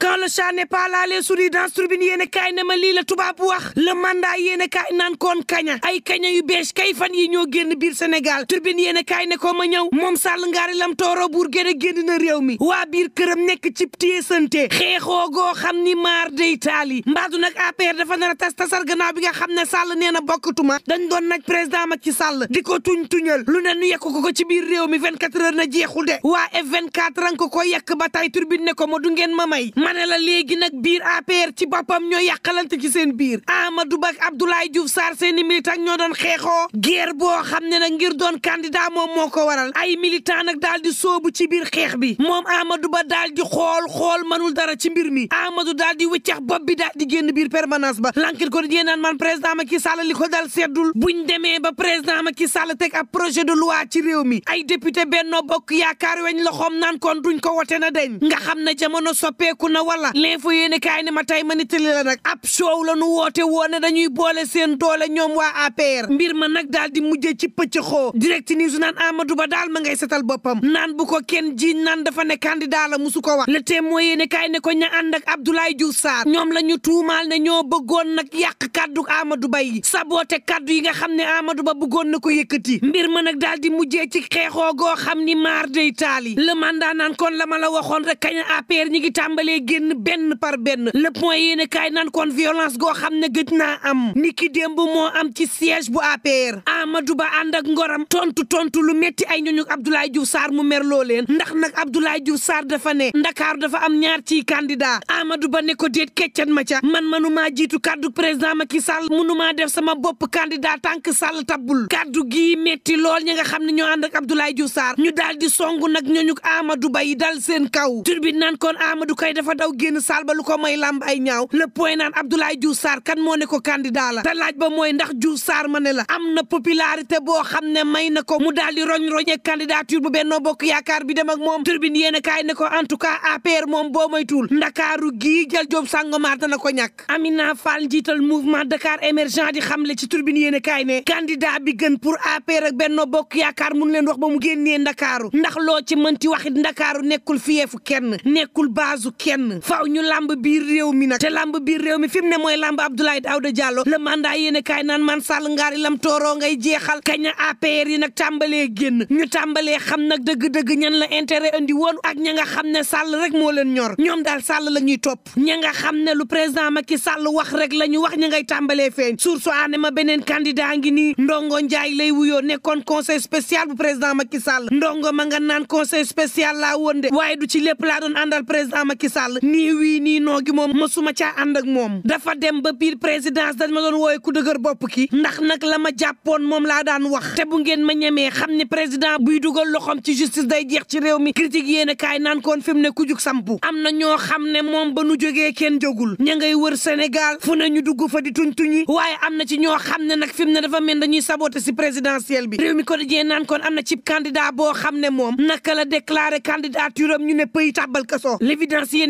quand le chat n'est pas là les souris dansent a ma lii la tubaab wax le mandat yéen a kaay naan koon kaña ay kaña yu bees kay fan yi ñoo génn biir senegal turbine yéen a kaay ne ko ma ñëw moom Sall ngaari lam tooro buur gën a génn na réew mi waa biir këram nekk cib téesante xeexoo goo xam ni maar day taali mbaadu nag APR dafa nar a tas tasar gannaaw bi nga xam ne Sall nee na bokkatuma dañ doon nag président Macky Sall di ko tuñ tuñal lu ne nu yekk ko ko ci biir mi 24 heures na jeexul de waa F24 ran ko ko yekk ba tay turbine ko ma du ngeen ma may ma ne la léegi nag biir APR ci boppam ñoo yàqalante ci seen biir Amadou Ba Abdoulaye Diouf Sarr seeni militant ñoo doon xeexoo guerre boo xam ne nag ngir doon candidat moom moo ko waral ay militant nag daal di soobu ci biir xeex bi moom Amadou Ba daal di xool xool manul dara ci mbir mi Amadou daal di wëccax bopp bi daal di génn biir permanence ba lanket ko di naan man président Macky Sall li ko dal seddul buñ demee ba président Macky Sall teg a projet de loi ci réew mi ay député Benno Bokk Yaakaar weñ loxoom naan kon duñ ko wote na deñ nga xam ne jamono soppeeku na na wala l'info yéene kaay ni ma tey ma nittali la nag ab show la nu woote woone dañuy boole seen doole ñoom waa APR mbir ma nag daal di mujjee ci pëcc xoo direct news naan Amadou Ba daal ma ngay setal boppam naan bu ko kenn jiiñ naan dafa ne candidat la musu ko wax le témoin yéene kaay ne ko ña ànd ak Abdoulaye Diouf Sarr ñoom la ñu tuumaal ne ñoo bëggoon nag yàq kaddu Amadou Ba yi saboote kaddu yi nga xam ne Amadou Ba bëggoon na ko yëkkati mbir ma nag daal di mujjee ci xeexoo goo xam ni maar day taali le la ma la waxoon rek kañ APR ngi tàmbalee génn benn par benn le point yéen kaay naan kon violence goo xam ne gëj naa am ni ki démb moo am ci siège bu APR Amadou Ba ànd ak ngoram tontu tontu lu metti ay ñooñu Abdoulaye Diouf Sarr mu mer loo leen ndax nag Abdoulaye Diouf Sarr dafa ne Ndakaaru dafa am ñaar ci kandida Amadou Ba ne ko déet keccan ma ca man manumaa jiitu kaddu président ma Macky Sall munumaa def sama bopp candidat tànk Sall tabul kaddu gii metti lool ñi nga xam ne ñoo ànd ak Abdoulaye Diouf Sarr ñu daal di songu nag ñooñu Amadou Ba yi dal seen kaw daw génn saal ba lu ko may làmb ay ñaaw le point naan Abdoulaye Diouf Sarr kan moo ne ko candidat la te laaj ba mooy ndax Diouf Sarr ma ne la am na popularité boo xam ne may na ko mu daal di roñ-roñee bu Benno Bokk Yaakaar bi dem ak moom turbine yéen kaay ne ko en tout cas APR moom boo moytuwul ndakaaru gii jël joob sàngomaar dana ko ñàkk Amina Fall njiital mouvement Dakar émergent di xamle ci turbine yéen kaay ne candidat bi gën pour APR ak Benno Bokk Yaakaar mun leen wax ba mu génnee ndakaaru ndax loo ci mënti waxit ndakaaru nekkul fiyeefu kenn nekkul baasu kenn génn faaw ñu làmb biir réew mi nag te làmb biir réew mi fi mu ne mooy làmb Abdoulaye Daouda Diallo le mandat yéene kaay naan man Sall ngaari lam tooroo ngay jeexal kaña APR yi nag tàmbalee génn ñu tàmbalee xam nag dëgg-dëgg ñan la intérêt andi woon ak ña nga xam ne Sall rek moo leen ñor ñoom daal Sall la ñuy topp ña nga xam ne lu président maki Sall wax rek la ñu wax ña ngay tàmbalee feeñ suur so aane ma beneen candidat ngi ni Ndongo Ndiaye lay wuyoo nekkoon conseil spécial bu président Macky Sall ndongo ma nga naan conseil spécial laa woon waaye du ci lépp laa doon àndal président Macky Sall Sall nii wii nii noo gi moom masuma caa ànd ak moom dafa dem ba biir présidence dañ ma doon wooye ku dëgër bopp ki ndax nag la ma jàppoon moom laa daan wax te bu ngeen ma ñemee xam ni président buy dugal loxoom ci justice day jeex ci réew mi critique yéen kaay naan koon mu ne ku jug sampu am na ñoo xam ne moom ba nu jógee kenn jógul ña ngay wër Sénégal fu na ñu dugg fa di tuñ tuñi waaye am na ci ñoo xam ne nag fi ne dafa mel dañuy saboté si présidentiel bi réew mi quotidien naan koon am na cib candidat boo xam ne moom naka la déclaré candidature am ñu ne pays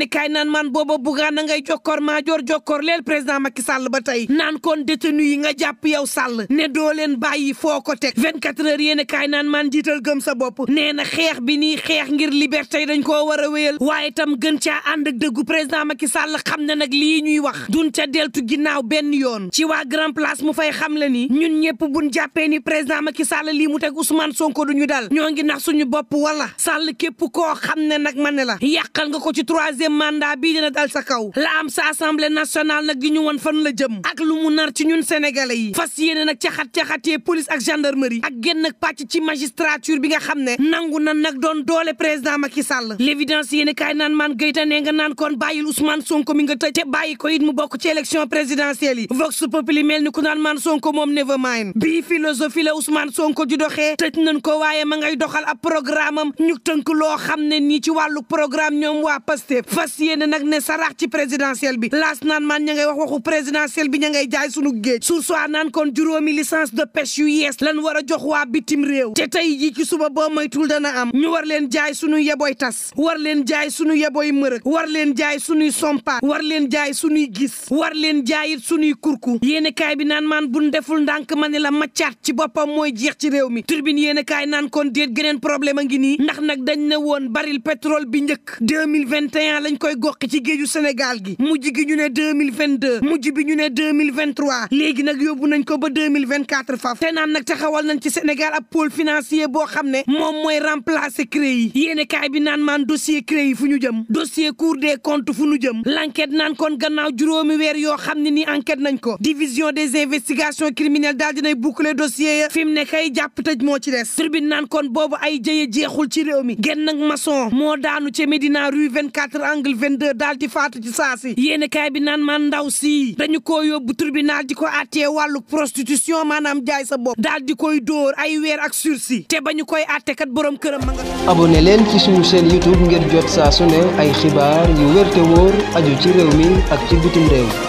kaay naan man booba bugaan a ngay jokkoor maajoor jokkoor leel président Macky sàll ba tey naan kon détenu yi nga jàpp yow Sall ne doo leen bàyyi foo ko teg 24 heures yéen kaay naan man jiital gëm sa bopp nee na xeex bi ni xeex ngir liberté dañ koo war a wéyal waaye tam gën caa ànd ak dëggu président maki Sall xam ne nag lii ñuy wax dun ca deltu ginnaaw benn yoon ci waa grand place mu fay xam le ni ñun ñëpp bun jàppee ni président maki Sall lii mu teg Ousmane Sonko duñu dal ñoo ngi nax suñu bopp wala Sall képp koo xam ne nag ma la yàqal ko ci troisième mandat bii dina dal sa kaw la am sa assemblée nationale nag di ñu won fan la jëm ak lu mu nar ci ñun sénégalais yi fas yéene nag caxat caxatee police ak gendarmerie ak génn nag pàcc ci magistrature bi nga xam ne nangu na nag doon doole président Macky Sall l'évidence yéen kaay naan maan gayta ne nga naan kon bàyyil Ousmane Sonko mi nga tëj te bàyyi ko it mu bokk ci élection présidentielle yi vox populi mel ni ku naan maan Sonko moom never mind bii philosophie la Ousmane doxee tëj nañ ko waaye ma ngay doxal ab programme am ñu loo xam ne nii ci wàllu programme ñoom waa Pastef fas yéene nag ne saraax ci présidentielle bi laas naan maan ña ngay wax waxu présidentielle bi ña ngay jaay sunu géej sursoir naan kon juróomi licence de pêche yu yees lan war a jox waa bitim réew te tey jii ci suba boo moytul dana am ñu war leen jaay sunu yeboy tas war leen jaay sunu yeboy mërëk war leen jaay sunuy sompa war leen jaay sunuy gis war leen jaayit sunuy kurku yéene kaay bi naan maan buñ deful ndànk ma ne la maccaat ci boppam mooy jeex ci réew mi turbine yéene kaay naan kon déet geneen problème a ngi nii ndax nag dañ ne woon baril pétrole bi njëkk 2021 lañ ko koy goqi ci géeju Sénégal gi mu gi ñu ne 2022 mujj bi ñu ne 2023 léegi nag yóbbu nañ ko ba 2024 faf te naan nag taxawal nañ ci Sénégal ab pôle financier boo xam ne moom mooy remplacer CREI yi yéene kaay bi naan maan dossier CREI yi fu ñu jëm dossier Cour des comptes fu ñu jëm l'enquête naan kon gannaaw juróomi weer yoo xam ne ni enquête nañ ko division des investigations criminelles daal dinay boucler dossier ya fi mu ne kay jàpp tëj moo ci des tribune naan kon boobu ay jëye jeexul ci réew mi genn nag maçon moo daanu ca Médina rue 24 article 22 daal di faatu ci saasi yéene kaay bi naan man ndaw si dañu ko yóbbu tribunal di ko attee wàllu prostitution maanaam jaay sa bopp daal di koy dóor ay weer ak sursis te ba ñu koy atte kat borom këram ma nga leen ci suñu chaîne youtube ngir jot saa su ne ay xibaar yu wér te wóor aju ci réew mi ak ci bitim réew